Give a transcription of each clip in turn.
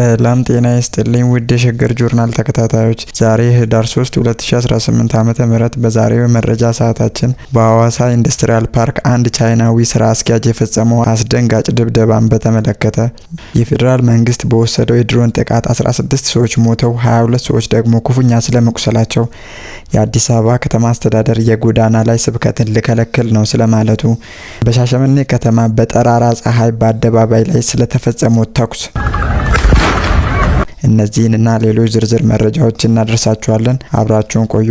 ሰላም ጤና ይስጥልኝ ውድ የሸገር ጆርናል ተከታታዮች፣ ዛሬ ህዳር 3 2018 ዓመተ ምህረት በዛሬው መረጃ ሰዓታችን በሐዋሳ ኢንዱስትሪያል ፓርክ አንድ ቻይናዊ ስራ አስኪያጅ የፈጸመው አስደንጋጭ ድብደባን በተመለከተ፣ የፌዴራል መንግስት በወሰደው የድሮን ጥቃት 16 ሰዎች ሞተው 22 ሰዎች ደግሞ ክፉኛ ስለመቁሰላቸው፣ የአዲስ አበባ ከተማ አስተዳደር የጎዳና ላይ ስብከትን ልከለክል ነው ስለማለቱ፣ በሻሸመኔ ከተማ በጠራራ ፀሐይ በአደባባይ ላይ ስለተፈጸመው ተኩስ እነዚህንና ሌሎች ዝርዝር መረጃዎች እናደርሳችኋለን። አብራችሁን ቆዩ።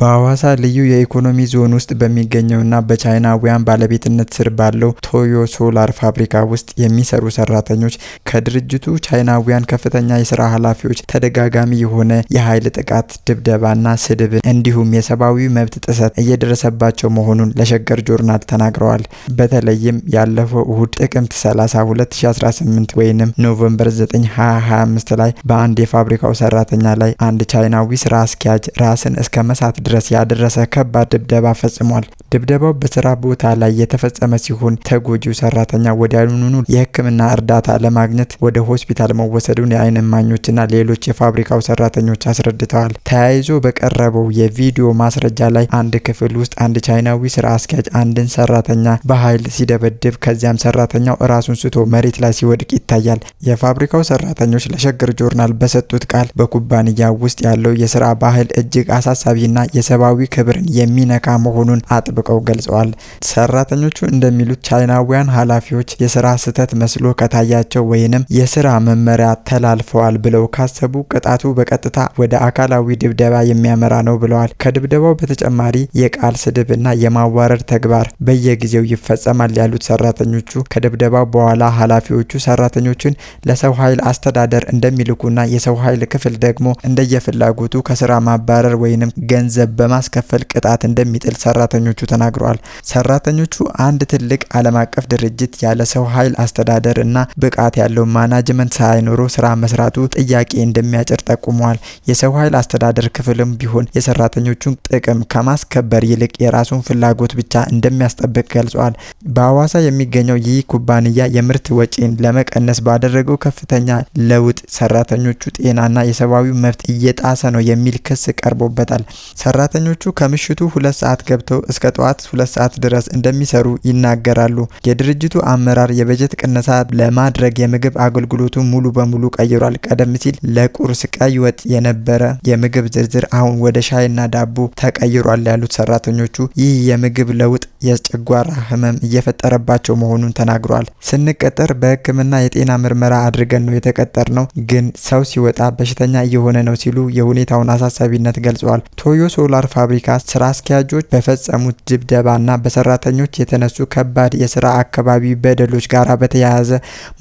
በሐዋሳ ልዩ የኢኮኖሚ ዞን ውስጥ በሚገኘውና በቻይናውያን ባለቤትነት ስር ባለው ቶዮ ሶላር ፋብሪካ ውስጥ የሚሰሩ ሰራተኞች ከድርጅቱ ቻይናውያን ከፍተኛ የስራ ኃላፊዎች ተደጋጋሚ የሆነ የኃይል ጥቃት፣ ድብደባና ስድብ እንዲሁም የሰብአዊ መብት ጥሰት እየደረሰባቸው መሆኑን ለሸገር ጆርናል ተናግረዋል። በተለይም ያለፈው እሁድ ጥቅምት 30 2018 ወይም ኖቨምበር 9 2025 ላይ በአንድ የፋብሪካው ሰራተኛ ላይ አንድ ቻይናዊ ስራ አስኪያጅ ራስን እስከ መሳት ድረስ ያደረሰ ከባድ ድብደባ ፈጽሟል። ድብደባው በስራ ቦታ ላይ የተፈጸመ ሲሆን ተጎጂው ሰራተኛ ወዲያውኑ የሕክምና እርዳታ ለማግኘት ወደ ሆስፒታል መወሰዱን የዓይን እማኞችና ሌሎች የፋብሪካው ሰራተኞች አስረድተዋል። ተያይዞ በቀረበው የቪዲዮ ማስረጃ ላይ አንድ ክፍል ውስጥ አንድ ቻይናዊ ስራ አስኪያጅ አንድን ሰራተኛ በኃይል ሲደበድብ ከዚያም ሰራተኛው ራሱን ስቶ መሬት ላይ ሲወድቅ ይታያል። የፋብሪካው ሰራተኞች ለሸገር ጆርናል በሰጡት ቃል በኩባንያ ውስጥ ያለው የስራ ባህል እጅግ አሳሳቢና የሰብአዊ ክብርን የሚነካ መሆኑን አጥብ አጥብቀው ገልጸዋል። ሰራተኞቹ እንደሚሉት ቻይናውያን ኃላፊዎች የስራ ስህተት መስሎ ከታያቸው ወይንም የስራ መመሪያ ተላልፈዋል ብለው ካሰቡ ቅጣቱ በቀጥታ ወደ አካላዊ ድብደባ የሚያመራ ነው ብለዋል። ከድብደባው በተጨማሪ የቃል ስድብ እና የማዋረድ ተግባር በየጊዜው ይፈጸማል ያሉት ሰራተኞቹ ከድብደባው በኋላ ኃላፊዎቹ ሰራተኞችን ለሰው ኃይል አስተዳደር እንደሚልኩና የሰው ኃይል ክፍል ደግሞ እንደየፍላጎቱ ከስራ ማባረር ወይንም ገንዘብ በማስከፈል ቅጣት እንደሚጥል ሰራተኞቹ ተናግረዋል። ሰራተኞቹ አንድ ትልቅ ዓለም አቀፍ ድርጅት ያለ ሰው ኃይል አስተዳደር እና ብቃት ያለው ማናጅመንት ሳይኖሮ ስራ መስራቱ ጥያቄ እንደሚያጭር ጠቁመዋል። የሰው ኃይል አስተዳደር ክፍልም ቢሆን የሰራተኞቹን ጥቅም ከማስከበር ይልቅ የራሱን ፍላጎት ብቻ እንደሚያስጠብቅ ገልጿል። በአዋሳ የሚገኘው ይህ ኩባንያ የምርት ወጪን ለመቀነስ ባደረገው ከፍተኛ ለውጥ ሰራተኞቹ ጤናና የሰብአዊ መብት እየጣሰ ነው የሚል ክስ ቀርቦበታል። ሰራተኞቹ ከምሽቱ ሁለት ሰዓት ገብተው እስከ ጠዋት ሁለት ሰዓት ድረስ እንደሚሰሩ ይናገራሉ። የድርጅቱ አመራር የበጀት ቅነሳ ለማድረግ የምግብ አገልግሎቱ ሙሉ በሙሉ ቀይሯል። ቀደም ሲል ለቁርስ ቀይ ወጥ የነበረ የምግብ ዝርዝር አሁን ወደ ሻይና ዳቦ ተቀይሯል ያሉት ሰራተኞቹ ይህ የምግብ ለውጥ የጨጓራ ህመም እየፈጠረባቸው መሆኑን ተናግሯል። ስንቀጠር በህክምና የጤና ምርመራ አድርገን ነው የተቀጠር ነው፣ ግን ሰው ሲወጣ በሽተኛ እየሆነ ነው ሲሉ የሁኔታውን አሳሳቢነት ገልጸዋል። ቶዮ ሶላር ፋብሪካ ስራ አስኪያጆች በፈጸሙት ድብደባና በሰራተኞች የተነሱ ከባድ የስራ አካባቢ በደሎች ጋር በተያያዘ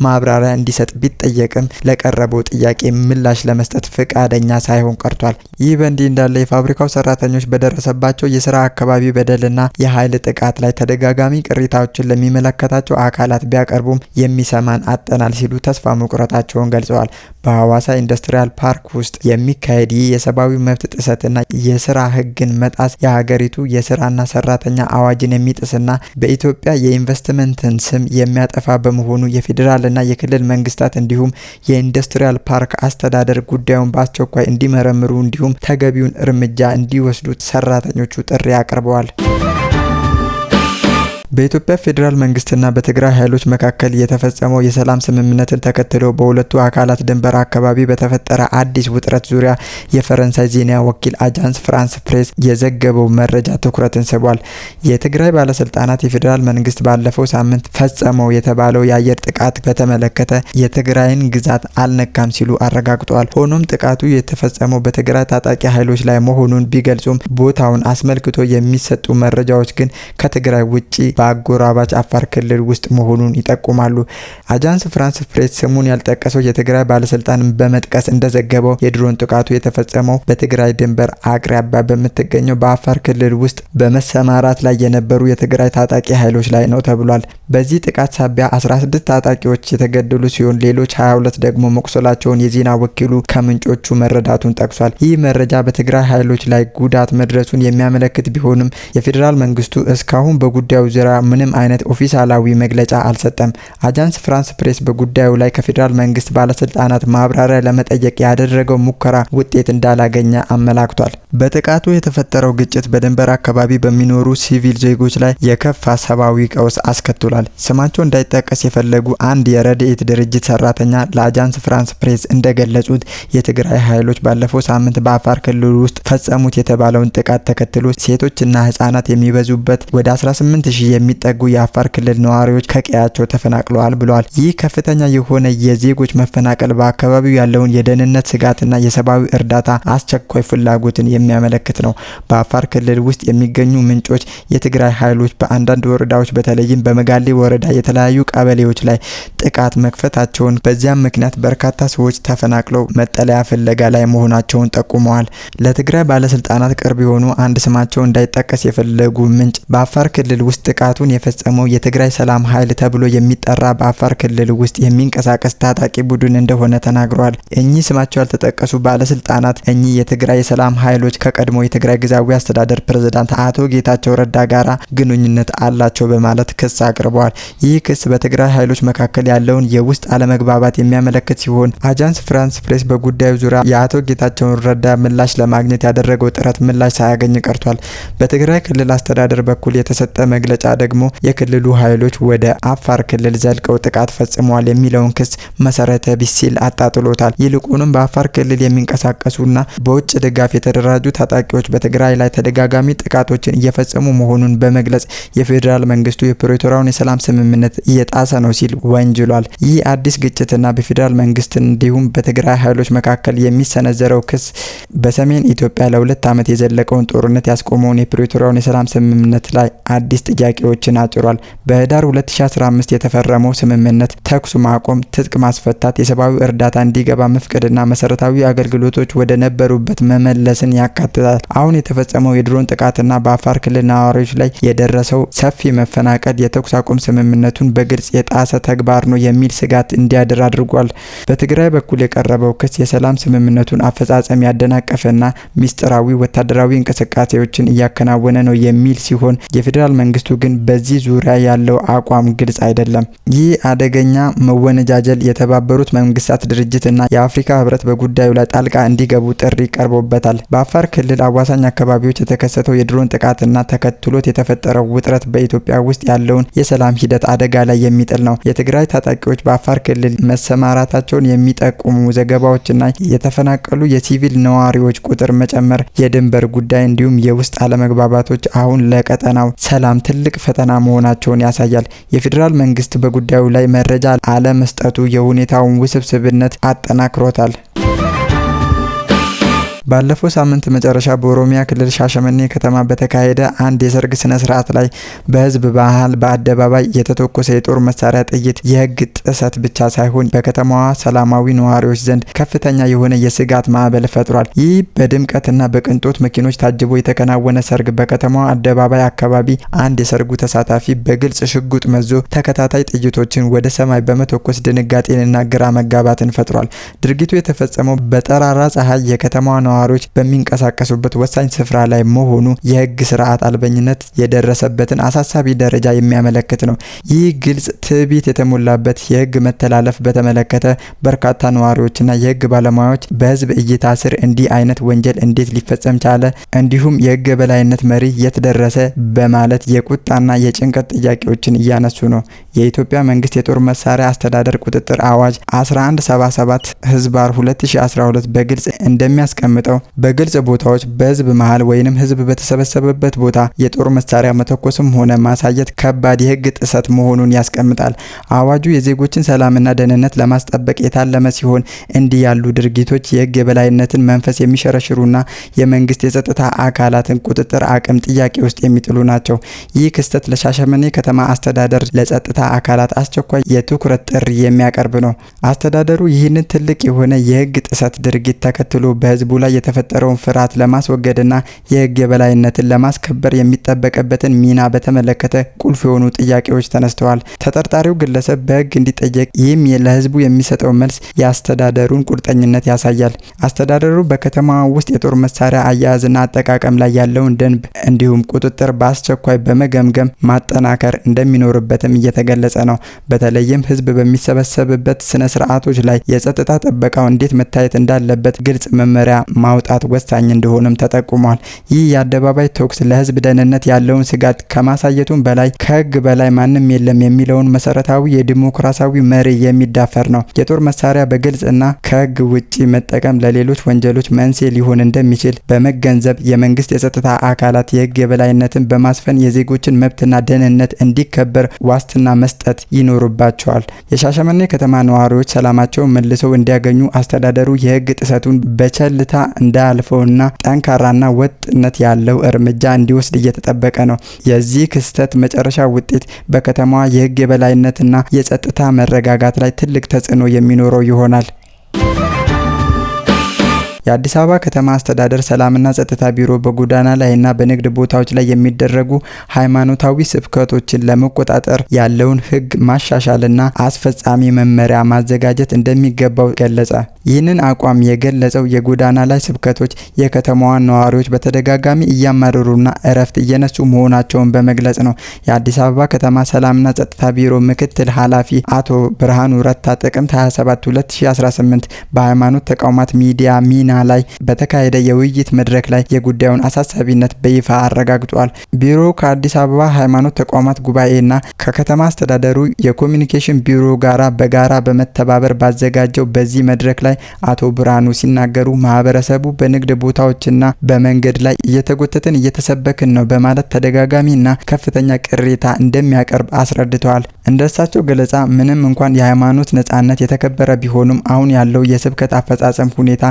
ማብራሪያ እንዲሰጥ ቢጠየቅም ለቀረበው ጥያቄ ምላሽ ለመስጠት ፍቃደኛ ሳይሆን ቀርቷል። ይህ በእንዲህ እንዳለ የፋብሪካው ሰራተኞች በደረሰባቸው የስራ አካባቢ በደልና የኃይል ጥቃት ላይ ተደጋጋሚ ቅሬታዎችን ለሚመለከታቸው አካላት ቢያቀርቡም የሚሰማን አጠናል ሲሉ ተስፋ መቁረጣቸውን ገልጸዋል። በሐዋሳ ኢንዱስትሪያል ፓርክ ውስጥ የሚካሄድ ይህ የሰብአዊ መብት ጥሰትና የስራ ህግን መጣስ የሀገሪቱ የስራና ሰራ ሰራተኛ አዋጅን የሚጥስና በኢትዮጵያ የኢንቨስትመንትን ስም የሚያጠፋ በመሆኑ የፌዴራልና የክልል መንግስታት እንዲሁም የኢንዱስትሪያል ፓርክ አስተዳደር ጉዳዩን በአስቸኳይ እንዲመረምሩ እንዲሁም ተገቢውን እርምጃ እንዲወስዱ ሰራተኞቹ ጥሪ አቅርበዋል። በኢትዮጵያ ፌዴራል መንግስትና በትግራይ ኃይሎች መካከል የተፈጸመው የሰላም ስምምነትን ተከትሎ በሁለቱ አካላት ድንበር አካባቢ በተፈጠረ አዲስ ውጥረት ዙሪያ የፈረንሳይ ዜና ወኪል አጃንስ ፍራንስ ፕሬስ የዘገበው መረጃ ትኩረትን ስቧል። የትግራይ ባለስልጣናት የፌዴራል መንግስት ባለፈው ሳምንት ፈጸመው የተባለው የአየር ጥቃት በተመለከተ የትግራይን ግዛት አልነካም ሲሉ አረጋግጠዋል። ሆኖም ጥቃቱ የተፈጸመው በትግራይ ታጣቂ ኃይሎች ላይ መሆኑን ቢገልጹም ቦታውን አስመልክቶ የሚሰጡ መረጃዎች ግን ከትግራይ ውጭ በአጎራባች አፋር ክልል ውስጥ መሆኑን ይጠቁማሉ። አጃንስ ፍራንስ ፕሬስ ስሙን ያልጠቀሰው የትግራይ ባለስልጣን በመጥቀስ እንደዘገበው የድሮን ጥቃቱ የተፈጸመው በትግራይ ድንበር አቅራቢያ በምትገኘው በአፋር ክልል ውስጥ በመሰማራት ላይ የነበሩ የትግራይ ታጣቂ ኃይሎች ላይ ነው ተብሏል። በዚህ ጥቃት ሳቢያ 16 ታጣቂዎች የተገደሉ ሲሆን ሌሎች 22 ደግሞ መቁሰላቸውን የዜና ወኪሉ ከምንጮቹ መረዳቱን ጠቅሷል። ይህ መረጃ በትግራይ ኃይሎች ላይ ጉዳት መድረሱን የሚያመለክት ቢሆንም የፌዴራል መንግስቱ እስካሁን በጉዳዩ ዙሪያ ኤርትራ ምንም አይነት ኦፊሳላዊ መግለጫ አልሰጠም። አጃንስ ፍራንስ ፕሬስ በጉዳዩ ላይ ከፌዴራል መንግስት ባለስልጣናት ማብራሪያ ለመጠየቅ ያደረገው ሙከራ ውጤት እንዳላገኘ አመላክቷል። በጥቃቱ የተፈጠረው ግጭት በድንበር አካባቢ በሚኖሩ ሲቪል ዜጎች ላይ የከፋ ሰብአዊ ቀውስ አስከትሏል። ስማቸው እንዳይጠቀስ የፈለጉ አንድ የረድኤት ድርጅት ሰራተኛ ለአጃንስ ፍራንስ ፕሬስ እንደገለጹት የትግራይ ኃይሎች ባለፈው ሳምንት በአፋር ክልል ውስጥ ፈጸሙት የተባለውን ጥቃት ተከትሎ ሴቶችና ህጻናት የሚበዙበት ወደ 18 ሺህ የሚጠጉ የአፋር ክልል ነዋሪዎች ከቀያቸው ተፈናቅለዋል ብለዋል። ይህ ከፍተኛ የሆነ የዜጎች መፈናቀል በአካባቢው ያለውን የደህንነት ስጋትና የሰብአዊ እርዳታ አስቸኳይ ፍላጎትን የሚያመለክት ነው። በአፋር ክልል ውስጥ የሚገኙ ምንጮች የትግራይ ኃይሎች በአንዳንድ ወረዳዎች በተለይም በመጋሌ ወረዳ የተለያዩ ቀበሌዎች ላይ ጥቃት መክፈታቸውን፣ በዚያም ምክንያት በርካታ ሰዎች ተፈናቅለው መጠለያ ፍለጋ ላይ መሆናቸውን ጠቁመዋል። ለትግራይ ባለስልጣናት ቅርብ የሆኑ አንድ ስማቸው እንዳይጠቀስ የፈለጉ ምንጭ በአፋር ክልል ውስጥ ጥቃቱን የፈጸመው የትግራይ ሰላም ኃይል ተብሎ የሚጠራ በአፋር ክልል ውስጥ የሚንቀሳቀስ ታጣቂ ቡድን እንደሆነ ተናግረዋል። እኚህ ስማቸው ያልተጠቀሱ ባለስልጣናት እኚህ የትግራይ የሰላም ኃይሎች ኃይሎች ከቀድሞ የትግራይ ጊዜያዊ አስተዳደር ፕሬዝዳንት አቶ ጌታቸው ረዳ ጋራ ግንኙነት አላቸው በማለት ክስ አቅርበዋል። ይህ ክስ በትግራይ ኃይሎች መካከል ያለውን የውስጥ አለመግባባት የሚያመለክት ሲሆን አጃንስ ፍራንስ ፕሬስ በጉዳዩ ዙሪያ የአቶ ጌታቸውን ረዳ ምላሽ ለማግኘት ያደረገው ጥረት ምላሽ ሳያገኝ ቀርቷል። በትግራይ ክልል አስተዳደር በኩል የተሰጠ መግለጫ ደግሞ የክልሉ ኃይሎች ወደ አፋር ክልል ዘልቀው ጥቃት ፈጽመዋል የሚለውን ክስ መሰረተ ቢስ ሲል አጣጥሎታል። ይልቁንም በአፋር ክልል የሚንቀሳቀሱና በውጭ ድጋፍ የተደራ የተደራጁ ታጣቂዎች በትግራይ ላይ ተደጋጋሚ ጥቃቶችን እየፈጸሙ መሆኑን በመግለጽ የፌዴራል መንግስቱ የፕሪቶሪያውን የሰላም ስምምነት እየጣሰ ነው ሲል ወንጅሏል። ይህ አዲስ ግጭትና በፌዴራል መንግስት እንዲሁም በትግራይ ኃይሎች መካከል የሚሰነዘረው ክስ በሰሜን ኢትዮጵያ ለሁለት ዓመት የዘለቀውን ጦርነት ያስቆመውን የፕሪቶሪያውን የሰላም ስምምነት ላይ አዲስ ጥያቄዎችን አጭሯል። በህዳር 2015 የተፈረመው ስምምነት ተኩስ ማቆም፣ ትጥቅ ማስፈታት፣ የሰብአዊ እርዳታ እንዲገባ መፍቀድና መሰረታዊ አገልግሎቶች ወደ ነበሩበት መመለስን ያ ያካትታል። አሁን የተፈጸመው የድሮን ጥቃትና በአፋር ክልል ነዋሪዎች ላይ የደረሰው ሰፊ መፈናቀል የተኩስ አቁም ስምምነቱን በግልጽ የጣሰ ተግባር ነው የሚል ስጋት እንዲያድር አድርጓል። በትግራይ በኩል የቀረበው ክስ የሰላም ስምምነቱን አፈጻጸም ያደናቀፈና ሚስጥራዊ ወታደራዊ እንቅስቃሴዎችን እያከናወነ ነው የሚል ሲሆን የፌዴራል መንግስቱ ግን በዚህ ዙሪያ ያለው አቋም ግልጽ አይደለም። ይህ አደገኛ መወነጃጀል የተባበሩት መንግስታት ድርጅት እና የአፍሪካ ህብረት በጉዳዩ ላይ ጣልቃ እንዲገቡ ጥሪ ቀርቦበታል። በአፋር ክልል አዋሳኝ አካባቢዎች የተከሰተው የድሮን ጥቃትና ተከትሎት የተፈጠረው ውጥረት በኢትዮጵያ ውስጥ ያለውን የሰላም ሂደት አደጋ ላይ የሚጥል ነው። የትግራይ ታጣቂዎች በአፋር ክልል መሰማራታቸውን የሚጠቁሙ ዘገባዎችና የተፈናቀሉ የሲቪል ነዋሪዎች ቁጥር መጨመር፣ የድንበር ጉዳይ እንዲሁም የውስጥ አለመግባባቶች አሁን ለቀጠናው ሰላም ትልቅ ፈተና መሆናቸውን ያሳያል። የፌዴራል መንግስት በጉዳዩ ላይ መረጃ አለመስጠቱ የሁኔታውን ውስብስብነት አጠናክሮታል። ባለፈው ሳምንት መጨረሻ በኦሮሚያ ክልል ሻሸመኔ ከተማ በተካሄደ አንድ የሰርግ ስነ ስርዓት ላይ በህዝብ ባህል በአደባባይ የተተኮሰ የጦር መሳሪያ ጥይት የህግ ጥሰት ብቻ ሳይሆን በከተማዋ ሰላማዊ ነዋሪዎች ዘንድ ከፍተኛ የሆነ የስጋት ማዕበል ፈጥሯል። ይህ በድምቀትና በቅንጦት መኪኖች ታጅቦ የተከናወነ ሰርግ በከተማዋ አደባባይ አካባቢ አንድ የሰርጉ ተሳታፊ በግልጽ ሽጉጥ መዞ ተከታታይ ጥይቶችን ወደ ሰማይ በመተኮስ ድንጋጤንና ግራ መጋባትን ፈጥሯል። ድርጊቱ የተፈጸመው በጠራራ ፀሐይ የከተማዋ ነዋ ነዋሪዎች በሚንቀሳቀሱበት ወሳኝ ስፍራ ላይ መሆኑ የህግ ስርዓት አልበኝነት የደረሰበትን አሳሳቢ ደረጃ የሚያመለክት ነው። ይህ ግልጽ ትዕቢት የተሞላበት የህግ መተላለፍ በተመለከተ በርካታ ነዋሪዎችና የህግ ባለሙያዎች በህዝብ እይታ ስር እንዲህ አይነት ወንጀል እንዴት ሊፈጸም ቻለ፣ እንዲሁም የህግ የበላይነት መሪ የት ደረሰ በማለት የቁጣና የጭንቀት ጥያቄዎችን እያነሱ ነው። የኢትዮጵያ መንግስት የጦር መሳሪያ አስተዳደር ቁጥጥር አዋጅ 1177 ህዝባር 2012 በግልጽ እንደሚያስቀምጠው የተቀመጠው። በግልጽ ቦታዎች፣ በህዝብ መሃል ወይንም ህዝብ በተሰበሰበበት ቦታ የጦር መሳሪያ መተኮስም ሆነ ማሳየት ከባድ የህግ ጥሰት መሆኑን ያስቀምጣል። አዋጁ የዜጎችን ሰላምና ደህንነት ለማስጠበቅ የታለመ ሲሆን እንዲህ ያሉ ድርጊቶች የህግ የበላይነትን መንፈስ የሚሸረሽሩና የመንግስት የጸጥታ አካላትን ቁጥጥር አቅም ጥያቄ ውስጥ የሚጥሉ ናቸው። ይህ ክስተት ለሻሸመኔ ከተማ አስተዳደር ለጸጥታ አካላት አስቸኳይ የትኩረት ጥሪ የሚያቀርብ ነው። አስተዳደሩ ይህንን ትልቅ የሆነ የህግ ጥሰት ድርጊት ተከትሎ በህዝቡ ላይ የተፈጠረውን ፍርሃት ለማስወገድና የህግ የበላይነትን ለማስከበር የሚጠበቅበትን ሚና በተመለከተ ቁልፍ የሆኑ ጥያቄዎች ተነስተዋል። ተጠርጣሪው ግለሰብ በህግ እንዲጠየቅ ይህም ለህዝቡ የሚሰጠው መልስ የአስተዳደሩን ቁርጠኝነት ያሳያል። አስተዳደሩ በከተማ ውስጥ የጦር መሳሪያ አያያዝና አጠቃቀም ላይ ያለውን ደንብ እንዲሁም ቁጥጥር በአስቸኳይ በመገምገም ማጠናከር እንደሚኖርበትም እየተገለጸ ነው። በተለይም ህዝብ በሚሰበሰብበት ስነ ስርዓቶች ላይ የጸጥታ ጥበቃው እንዴት መታየት እንዳለበት ግልጽ መመሪያ ማውጣት ወሳኝ እንደሆነም ተጠቁሟል። ይህ የአደባባይ ተኩስ ለህዝብ ደህንነት ያለውን ስጋት ከማሳየቱም በላይ ከህግ በላይ ማንም የለም የሚለውን መሰረታዊ የዲሞክራሲያዊ መሪ የሚዳፈር ነው። የጦር መሳሪያ በግልጽ እና ከህግ ውጪ መጠቀም ለሌሎች ወንጀሎች መንስኤ ሊሆን እንደሚችል በመገንዘብ የመንግስት የጸጥታ አካላት የህግ የበላይነትን በማስፈን የዜጎችን መብትና ደህንነት እንዲከበር ዋስትና መስጠት ይኖርባቸዋል። የሻሸመኔ ከተማ ነዋሪዎች ሰላማቸውን መልሰው እንዲያገኙ አስተዳደሩ የህግ ጥሰቱን በቸልታ እንዳያልፈውና ጠንካራና ወጥነት ያለው እርምጃ እንዲወስድ እየተጠበቀ ነው። የዚህ ክስተት መጨረሻ ውጤት በከተማዋ የህግ የበላይነትና የጸጥታ መረጋጋት ላይ ትልቅ ተጽዕኖ የሚኖረው ይሆናል። የአዲስ አበባ ከተማ አስተዳደር ሰላምና ጸጥታ ቢሮ በጎዳና ላይና በንግድ ቦታዎች ላይ የሚደረጉ ሃይማኖታዊ ስብከቶችን ለመቆጣጠር ያለውን ህግ ማሻሻልና አስፈጻሚ መመሪያ ማዘጋጀት እንደሚገባው ገለጸ። ይህንን አቋም የገለጸው የጎዳና ላይ ስብከቶች የከተማዋን ነዋሪዎች በተደጋጋሚ እያማረሩና እረፍት እየነሱ መሆናቸውን በመግለጽ ነው። የአዲስ አበባ ከተማ ሰላምና ጸጥታ ቢሮ ምክትል ኃላፊ አቶ ብርሃኑ ረታ ጥቅምት 27 2018 በሃይማኖት ተቋማት ሚዲያ ሚና ላይ በተካሄደ የውይይት መድረክ ላይ የጉዳዩን አሳሳቢነት በይፋ አረጋግጧል። ቢሮው ከአዲስ አበባ ሃይማኖት ተቋማት ጉባኤና ከከተማ አስተዳደሩ የኮሚኒኬሽን ቢሮ ጋራ በጋራ በመተባበር ባዘጋጀው በዚህ መድረክ ላይ አቶ ብርሃኑ ሲናገሩ ማህበረሰቡ በንግድ ቦታዎችና በመንገድ ላይ እየተጎተትን እየተሰበክን ነው በማለት ተደጋጋሚና ከፍተኛ ቅሬታ እንደሚያቀርብ አስረድተዋል። እንደሳቸው ገለጻ ምንም እንኳን የሃይማኖት ነጻነት የተከበረ ቢሆንም አሁን ያለው የስብከት አፈጻጸም ሁኔታ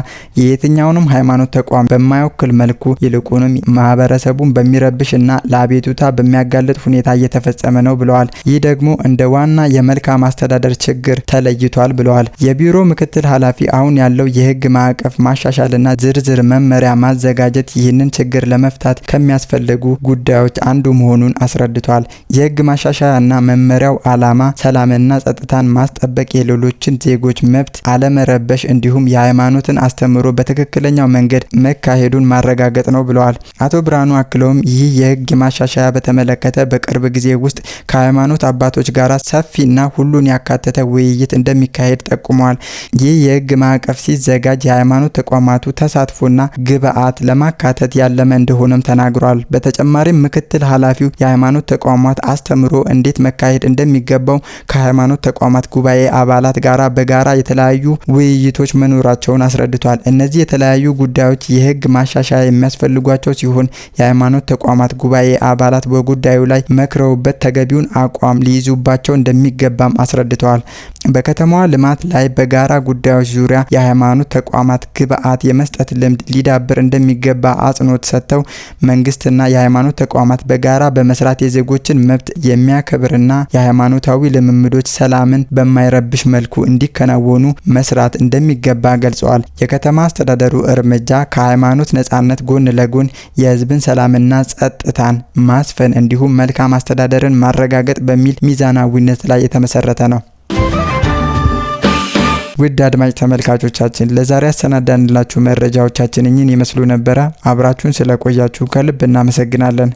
የየትኛውንም ሃይማኖት ተቋም በማይወክል መልኩ ይልቁንም ማህበረሰቡን በሚረብሽ እና ለአቤቱታ በሚያጋልጥ ሁኔታ እየተፈጸመ ነው ብለዋል። ይህ ደግሞ እንደ ዋና የመልካም አስተዳደር ችግር ተለይቷል ብለዋል። የቢሮ ምክትል ኃላፊ አሁን ያለው የህግ ማዕቀፍ ማሻሻልና ዝርዝር መመሪያ ማዘጋጀት ይህንን ችግር ለመፍታት ከሚያስፈልጉ ጉዳዮች አንዱ መሆኑን አስረድቷል። የህግ ማሻሻያና መመሪያው ዓላማ ሰላምና ጸጥታን ማስጠበቅ፣ የሌሎችን ዜጎች መብት አለመረበሽ እንዲሁም የሃይማኖትን አስተምሮ በትክክለኛው መንገድ መካሄዱን ማረጋገጥ ነው ብለዋል። አቶ ብርሃኑ አክለውም ይህ የህግ ማሻሻያ በተመለከተ በቅርብ ጊዜ ውስጥ ከሃይማኖት አባቶች ጋር ሰፊና ሁሉን ያካተተ ውይይት እንደሚካሄድ ጠቁመዋል። ይህ የህግ ማዕቀፍ ሲዘጋጅ የሃይማኖት ተቋማቱ ተሳትፎና ግብአት ለማካተት ያለመ እንደሆነም ተናግሯል። በተጨማሪም ምክትል ኃላፊው የሃይማኖት ተቋማት አስተምሮ እንዴት መካሄድ እንደሚገባው ከሃይማኖት ተቋማት ጉባኤ አባላት ጋራ በጋራ የተለያዩ ውይይቶች መኖራቸውን አስረድቷል። እነዚህ የተለያዩ ጉዳዮች የህግ ማሻሻያ የሚያስፈልጓቸው ሲሆን የሃይማኖት ተቋማት ጉባኤ አባላት በጉዳዩ ላይ መክረውበት ተገቢውን አቋም ሊይዙባቸው እንደሚገባም አስረድተዋል። በከተማዋ ልማት ላይ በጋራ ጉዳዮች ዙሪያ የሃይማኖት ተቋማት ግብዓት የመስጠት ልምድ ሊዳብር እንደሚገባ አጽንኦት ሰጥተው መንግስትና የሃይማኖት ተቋማት በጋራ በመስራት የዜጎችን መብት የሚያከብርና የሃይማኖታዊ ልምምዶች ሰላምን በማይረብሽ መልኩ እንዲከናወኑ መስራት እንደሚገባ ገልጸዋል። የከተማ አስተዳደሩ እርምጃ ከሃይማኖት ነጻነት ጎን ለጎን የህዝብን ሰላምና ጸጥታን ማስፈን እንዲሁም መልካም አስተዳደርን ማረጋገጥ በሚል ሚዛናዊነት ላይ የተመሰረተ ነው። ውድ አድማጭ ተመልካቾቻችን ለዛሬ አሰናዳንላችሁ መረጃዎቻችን እኝን ይመስሉ ነበረ። አብራችሁን ስለቆያችሁ ከልብ እናመሰግናለን።